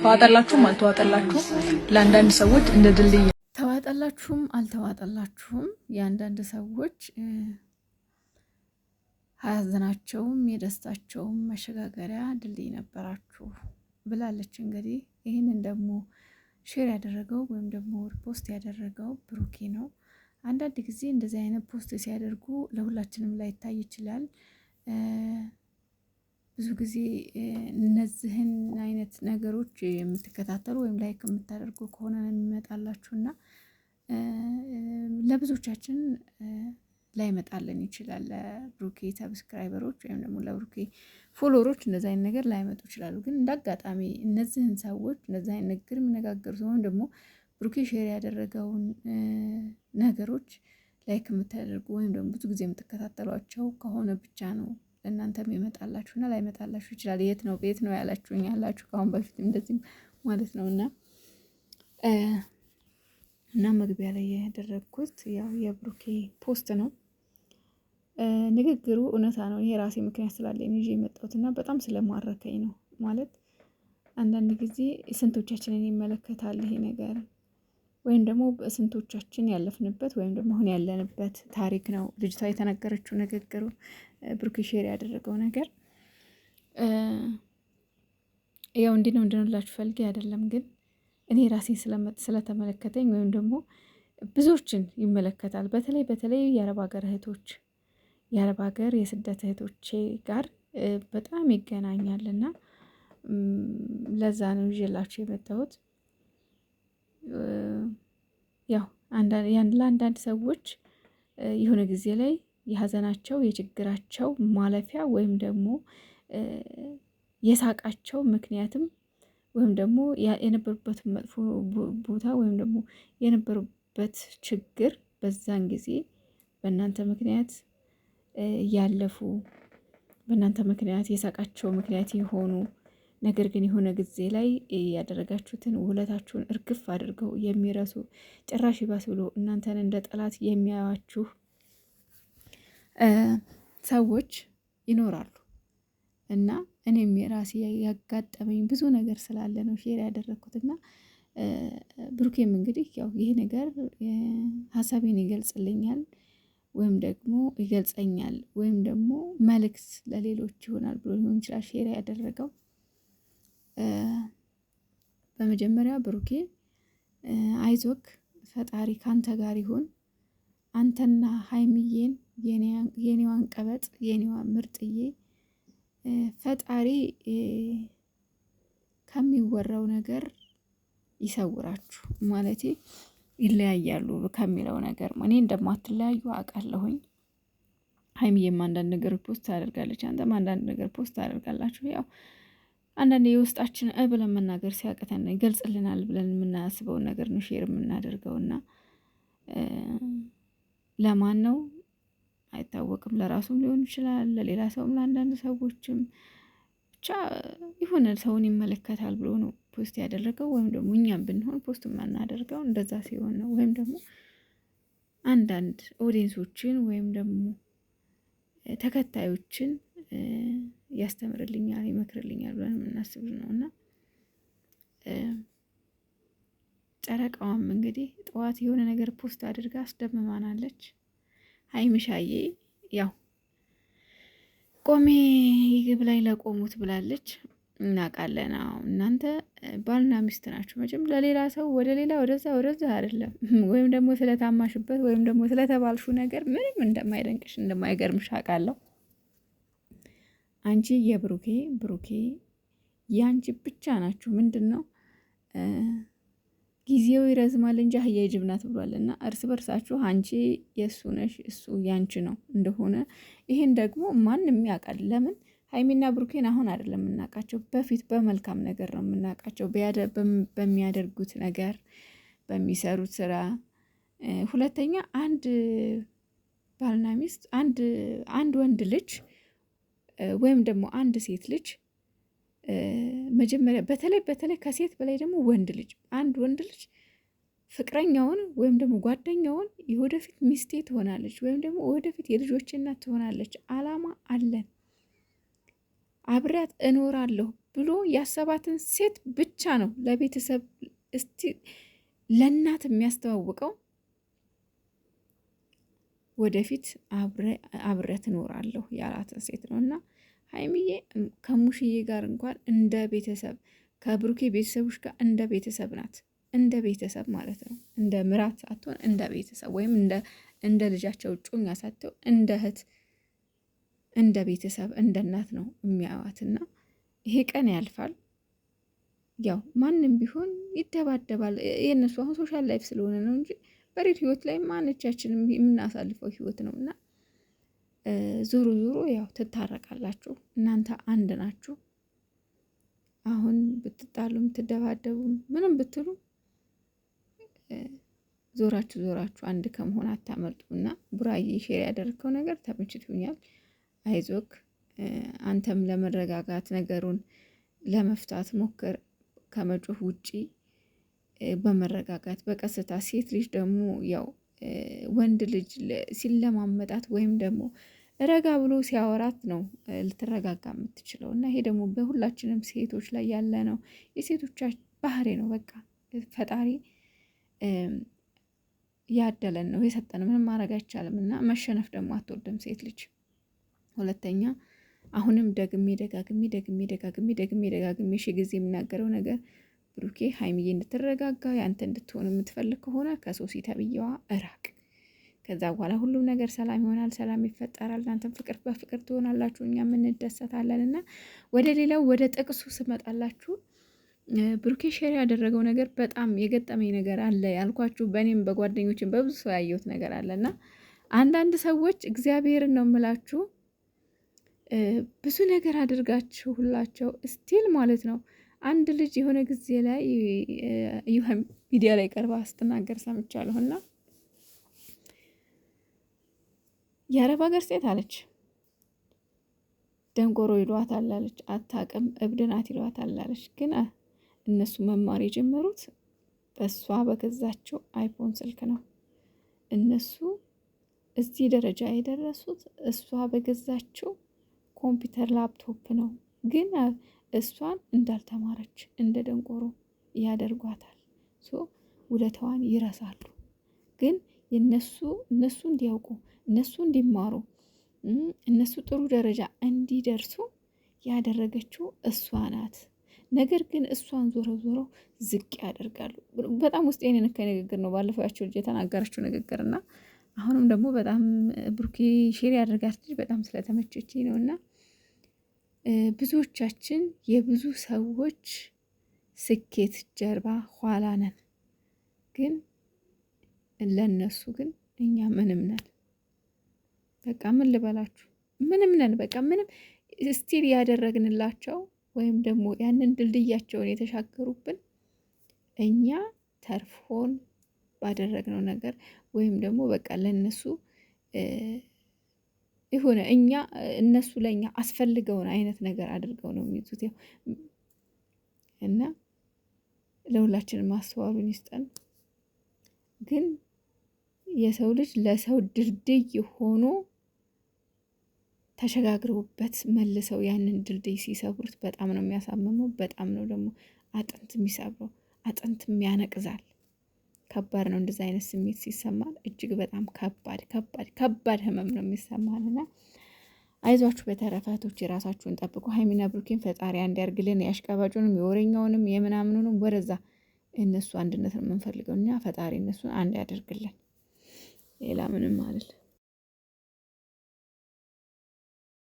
ተዋጠላችሁም አልተዋጠላችሁም ለአንዳንድ ሰዎች እንደ ድልድይ ተዋጠላችሁም አልተዋጠላችሁም የአንዳንድ ሰዎች ሀያዘናቸውም የደስታቸውም መሸጋገሪያ ድልድይ ነበራችሁ ብላለች። እንግዲህ ይህንን ደግሞ ሼር ያደረገው ወይም ደግሞ ፖስት ያደረገው ብሩኬ ነው። አንዳንድ ጊዜ እንደዚህ አይነት ፖስት ሲያደርጉ ለሁላችንም ላይታይ ይችላል። ብዙ ጊዜ እነዚህን አይነት ነገሮች የምትከታተሉ ወይም ላይክ የምታደርጉ ከሆነ ነው የሚመጣላችሁ እና ለብዙዎቻችን ላይመጣልን ይችላል። ለብሩኬ ሰብስክራይበሮች ወይም ደግሞ ለብሩኬ ፎሎወሮች እንደዚ አይነት ነገር ላይመጡ ይችላሉ። ግን እንደ አጋጣሚ እነዚህን ሰዎች እንደዚ አይነት ንግግር የሚነጋገሩ ሲሆን ደግሞ ብሩኬ ሼር ያደረገውን ነገሮች ላይክ የምታደርጉ ወይም ደግሞ ብዙ ጊዜ የምትከታተሏቸው ከሆነ ብቻ ነው ይመጣላችሁ ይመጣላችሁና ላይመጣላችሁ ይችላል። የት ነው ቤት ነው ያላችሁኝ ያላችሁ ከአሁን በፊት እንደዚህ ማለት ነው እና እና መግቢያ ላይ ያደረግኩት ያው የብሩኬ ፖስት ነው። ንግግሩ እውነታ ነው። ይሄ ራሴ ምክንያት ስላለ ይዤ የመጣሁት እና በጣም ስለማረከኝ ነው ማለት አንዳንድ ጊዜ ስንቶቻችንን ይመለከታል ይሄ ነገር ወይም ደግሞ ስንቶቻችን ያለፍንበት ወይም ደግሞ አሁን ያለንበት ታሪክ ነው። ልጅቷ የተነገረችው ንግግሩ ብሩክ ሼር ያደረገው ነገር ያው እንዲ ነው እንድንላችሁ ፈልጌ አይደለም፣ ግን እኔ ራሴን ስለተመለከተኝ ወይም ደግሞ ብዙዎችን ይመለከታል። በተለይ በተለይ የአረብ ሀገር እህቶች የአረብ ሀገር የስደት እህቶቼ ጋር በጣም ይገናኛል እና ለዛ ነው ይዤላችሁ የመጣሁት። ያው ለአንዳንድ ሰዎች የሆነ ጊዜ ላይ የሀዘናቸው የችግራቸው ማለፊያ ወይም ደግሞ የሳቃቸው ምክንያትም ወይም ደግሞ የነበሩበት መጥፎ ቦታ ወይም ደግሞ የነበሩበት ችግር በዛን ጊዜ በእናንተ ምክንያት ያለፉ በእናንተ ምክንያት የሳቃቸው ምክንያት የሆኑ ነገር ግን የሆነ ጊዜ ላይ ያደረጋችሁትን ውለታችሁን እርግፍ አድርገው የሚረሱ ጭራሽ ይባስ ብሎ እናንተን እንደ ጠላት የሚያያችሁ ሰዎች ይኖራሉ እና እኔም የራሴ ያጋጠመኝ ብዙ ነገር ስላለ ነው ሼር ያደረኩት። እና ብሩኬም እንግዲህ ያው ይሄ ነገር ሀሳቤን ይገልጽልኛል ወይም ደግሞ ይገልጸኛል ወይም ደግሞ መልእክት ለሌሎች ይሆናል ብሎ ሊሆን ይችላል ሼር ያደረገው። በመጀመሪያ ብሩኬ አይዞክ፣ ፈጣሪ ካንተ ጋር ይሁን። አንተና ሀይምዬን የኔዋን ቀበጥ የኔዋን ምርጥዬ ፈጣሪ ከሚወራው ነገር ይሰውራችሁ። ማለት ይለያያሉ ከሚለው ነገር እኔ እንደማትለያዩ አውቃለሁኝ። ሀይምዬም አንዳንድ ነገር ፖስት ታደርጋለች፣ አንተም አንዳንድ ነገር ፖስት ታደርጋላችሁ። ያው አንዳንድ የውስጣችን እ ብለን መናገር ሲያቅተን ይገልጽልናል ብለን የምናያስበውን ነገር ነው ሼር የምናደርገውና ለማን ነው አይታወቅም። ለራሱም ሊሆን ይችላል፣ ለሌላ ሰውም፣ ለአንዳንድ ሰዎችም ብቻ የሆነ ሰውን ይመለከታል ብሎ ነው ፖስት ያደረገው። ወይም ደግሞ እኛም ብንሆን ፖስት የማናደርገው እንደዛ ሲሆን ነው። ወይም ደግሞ አንዳንድ ኦዲየንሶችን ወይም ደግሞ ተከታዮችን ያስተምርልኛል፣ ይመክርልኛል ብለን የምናስብ ነው እና ጨረቃዋም እንግዲህ ጠዋት የሆነ ነገር ፖስት አድርጋ አስደምማናለች። ሀይሚሻዬ ያው ቆሜ ይግብ ላይ ለቆሙት ብላለች። እናውቃለን። አዎ እናንተ ባልና ሚስት ናችሁ መቼም ለሌላ ሰው ወደ ሌላ ወደዛ ወደዛ አይደለም። ወይም ደግሞ ስለታማሽበት ወይም ደግሞ ስለተባልሹ ነገር ምንም እንደማይደንቅሽ እንደማይገርምሽ አውቃለሁ። አንቺ የብሩኬ ብሩኬ የአንቺ ብቻ ናችሁ። ምንድን ነው ጊዜው ይረዝማል እንጂ አህያ ጅብ ናት ብሏል። እና እርስ በርሳችሁ አንቺ የእሱ ነሽ እሱ ያንቺ ነው እንደሆነ ይህን ደግሞ ማንም ያውቃል። ለምን ሀይሚና ብሩኬን አሁን አይደለም የምናውቃቸው፣ በፊት በመልካም ነገር ነው የምናውቃቸው፣ በሚያደርጉት ነገር፣ በሚሰሩት ስራ። ሁለተኛ አንድ ባልና ሚስት አንድ ወንድ ልጅ ወይም ደግሞ አንድ ሴት ልጅ መጀመሪያ በተለይ በተለይ ከሴት በላይ ደግሞ ወንድ ልጅ አንድ ወንድ ልጅ ፍቅረኛውን ወይም ደግሞ ጓደኛውን የወደፊት ሚስቴ ትሆናለች ወይም ደግሞ ወደፊት የልጆች እናት ትሆናለች፣ አላማ አለን፣ አብሪያት እኖራለሁ ብሎ ያሰባትን ሴት ብቻ ነው ለቤተሰብ እስቲ ለእናት የሚያስተዋውቀው። ወደፊት አብሬያት እኖራለሁ ያላትን ሴት ነው እና ሀይሚዬ ከሙሽዬ ጋር እንኳን እንደ ቤተሰብ ከብሩኬ ቤተሰቦች ጋር እንደ ቤተሰብ ናት። እንደ ቤተሰብ ማለት ነው። እንደ ምራት አትሆን፣ እንደ ቤተሰብ ወይም እንደ ልጃቸው ጩኛ ሳትሆን እንደ እህት፣ እንደ ቤተሰብ፣ እንደ እናት ነው የሚያዋትና ይሄ ቀን ያልፋል። ያው ማንም ቢሆን ይደባደባል። የእነሱ አሁን ሶሻል ላይፍ ስለሆነ ነው እንጂ በሬት ህይወት ላይ ማንቻችን የምናሳልፈው ህይወት ነው እና ዞሮ ዞሮ ያው ትታረቃላችሁ። እናንተ አንድ ናችሁ። አሁን ብትጣሉም ብትደባደቡም ምንም ብትሉ ዞራችሁ ዞራችሁ አንድ ከመሆን አታመልጡ እና ቡራዬ ሼር ያደረግከው ነገር ተመችቶኛል። አይዞክ አንተም ለመረጋጋት ነገሩን ለመፍታት ሞክር ከመጮህ ውጪ በመረጋጋት በቀስታ ሴት ልጅ ደግሞ ያው ወንድ ልጅ ሲለማመጣት ወይም ደግሞ ረጋ ብሎ ሲያወራት ነው ልትረጋጋ የምትችለው። እና ይሄ ደግሞ በሁላችንም ሴቶች ላይ ያለ ነው፣ የሴቶቻችን ባህሪ ነው። በቃ ፈጣሪ ያደለን ነው የሰጠን፣ ምንም ማድረግ አይቻልም። እና መሸነፍ ደግሞ አትወድም ሴት ልጅ። ሁለተኛ አሁንም ደግሜ ደጋግሜ ደግሜ ደጋግሜ ደግሜ ደጋግሜ ሺ ጊዜ የምናገረው ነገር ብሩኬ ሀይሚዬ እንድትረጋጋ ያንተ እንድትሆን የምትፈልግ ከሆነ ከሶሲ ተብዬዋ እራቅ። ከዛ በኋላ ሁሉም ነገር ሰላም ይሆናል፣ ሰላም ይፈጠራል። እናንተም ፍቅር በፍቅር ትሆናላችሁ፣ እኛም እንደሰታለን። እና ወደ ሌላው ወደ ጥቅሱ ስመጣላችሁ ብሩኬ ሼር ያደረገው ነገር በጣም የገጠመኝ ነገር አለ ያልኳችሁ፣ በእኔም በጓደኞችን በብዙ ሰው ያየሁት ነገር አለ እና አንዳንድ ሰዎች እግዚአብሔርን ነው የምላችሁ ብዙ ነገር አድርጋችሁላቸው ስቲል ማለት ነው አንድ ልጅ የሆነ ጊዜ ላይ ይሁን ሚዲያ ላይ ቀርባ ስትናገር ሰምቻለሁ። እና የአረብ ሀገር ሴት አለች ደንቆሮ ይሏታል አለች፣ አታቅም እብድ ናት ይሏታል አለች። ግን እነሱ መማር የጀመሩት በእሷ በገዛቸው አይፎን ስልክ ነው። እነሱ እዚህ ደረጃ የደረሱት እሷ በገዛቸው ኮምፒውተር ላፕቶፕ ነው። ግን እሷን እንዳልተማረች እንደ ደንቆሮ ያደርጓታል። ሶ ውለታዋን ይረሳሉ። ግን የነሱ እነሱ እንዲያውቁ እነሱ እንዲማሩ እነሱ ጥሩ ደረጃ እንዲደርሱ ያደረገችው እሷ ናት። ነገር ግን እሷን ዞረው ዞረው ዝቅ ያደርጋሉ። በጣም ውስጤን ነካ ንግግር ነው ባለፈው ያቸው ልጅ የተናገረችው ንግግር እና አሁንም ደግሞ በጣም ብሩኬ ሼር ያደርጋት ልጅ በጣም ስለተመቸች ነው እና ብዙዎቻችን የብዙ ሰዎች ስኬት ጀርባ ኋላ ነን፣ ግን ለነሱ ግን እኛ ምንም ነን። በቃ ምን ልበላችሁ፣ ምንም ነን። በቃ ምንም ስቲል ያደረግንላቸው ወይም ደግሞ ያንን ድልድያቸውን የተሻገሩብን እኛ ተርፎን ባደረግነው ነገር ወይም ደግሞ በቃ ለነሱ የሆነ እኛ እነሱ ለእኛ አስፈልገውን አይነት ነገር አድርገው ነው የሚይዙት። ያው እና ለሁላችንም ማስተዋሉን ይስጠን። ግን የሰው ልጅ ለሰው ድልድይ ሆኖ ተሸጋግረውበት መልሰው ያንን ድልድይ ሲሰብሩት በጣም ነው የሚያሳምመው። በጣም ነው ደግሞ አጥንት የሚሰብረው፣ አጥንት የሚያነቅዛል። ከባድ ነው። እንደዚህ አይነት ስሜት ሲሰማን እጅግ በጣም ከባድ ከባድ ከባድ ህመም ነው የሚሰማን እና አይዟችሁ። በተረፈ እህቶች የራሳችሁን ጠብቁ። ሀይሚና ብሩኬን ፈጣሪ አንድ የአሽቀባጩንም የወረኛውንም የምናምኑንም ወደዛ እነሱ አንድነት ነው የምንፈልገው እኛ። ፈጣሪ እነሱን አንድ ያደርግልን። ሌላ ምንም አልል።